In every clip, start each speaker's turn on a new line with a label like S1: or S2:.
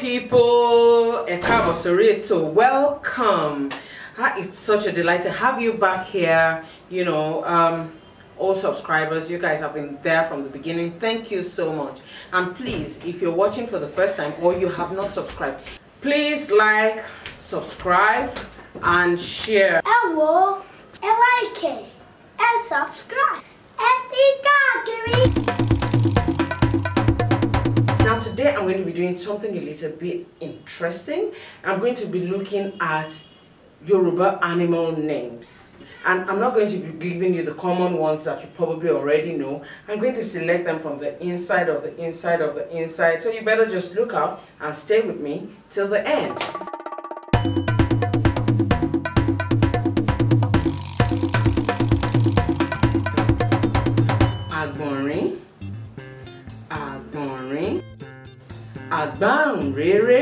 S1: people, Ekabo welcome. It's such a delight to have you back here. You know, um, all subscribers, you guys have been there from the beginning. Thank you so much. And please, if you're watching for the first time or you have not subscribed, please like, subscribe, and share. Hello, and like it, and subscribe, and doggery today I'm going to be doing something a little bit interesting. I'm going to be looking at Yoruba animal names. And I'm not going to be giving you the common ones that you probably already know. I'm going to select them from the inside of the inside of the inside. So you better just look up and stay with me till the end. àgbáǹréré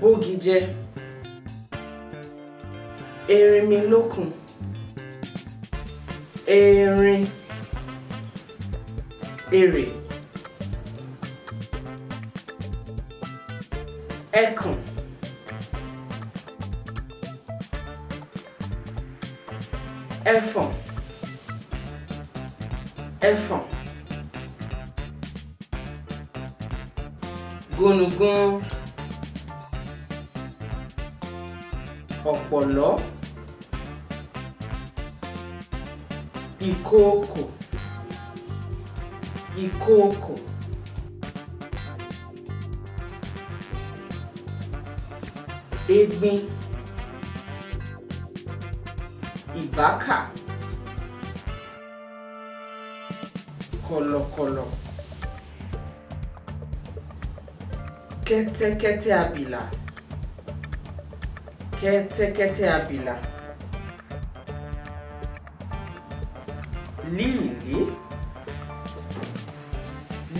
S1: bógijẹ erinmilókun erin èrè ẹkùn ẹfọ̀n ẹfọ̀n. gúnugún ọ̀pọ̀lọ́ ìkookò ìkookò egbin ìbákà kọ̀lọ̀kọ̀lọ̀. Kete kete abila, kete kete abila, líìlí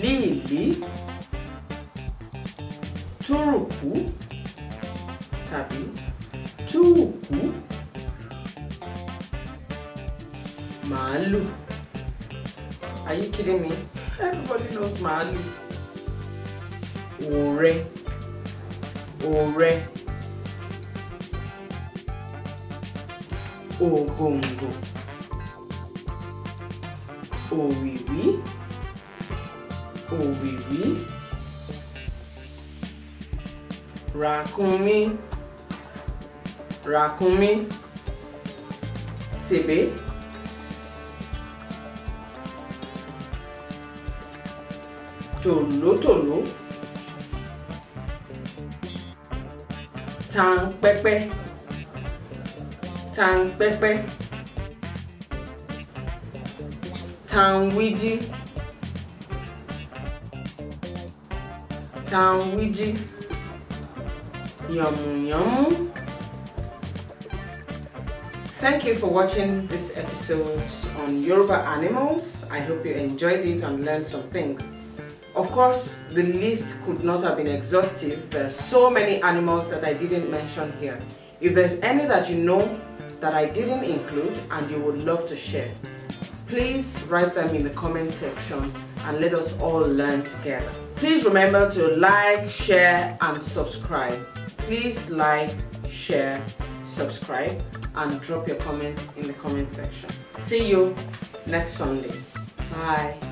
S1: líìlí túrùkù tàbí túùkù màálù are you kidding me everybody knows màálù. Ore, ọ̀rẹ́ ògòǹgò òwìwí òwìwí rakumi, ràkúnmí sèbé tòlótòló. Tang pẹ́pẹ́ tang pẹ́pẹ́ tang wíjí tang wíjí yum. Thank you for watching this episode on Yoruba animals. I hope you enjoyed it and learned some things. Of course, the list could not have been exhaustive. There are so many animals that I didn't mention here. If there's any that you know that I didn't include and you would love to share, please write them in the comment section and let us all learn together. Please remember to like, share and subscribe. Please like, share, subscribe and drop your comments in the comment section. See you next Sunday. Bye.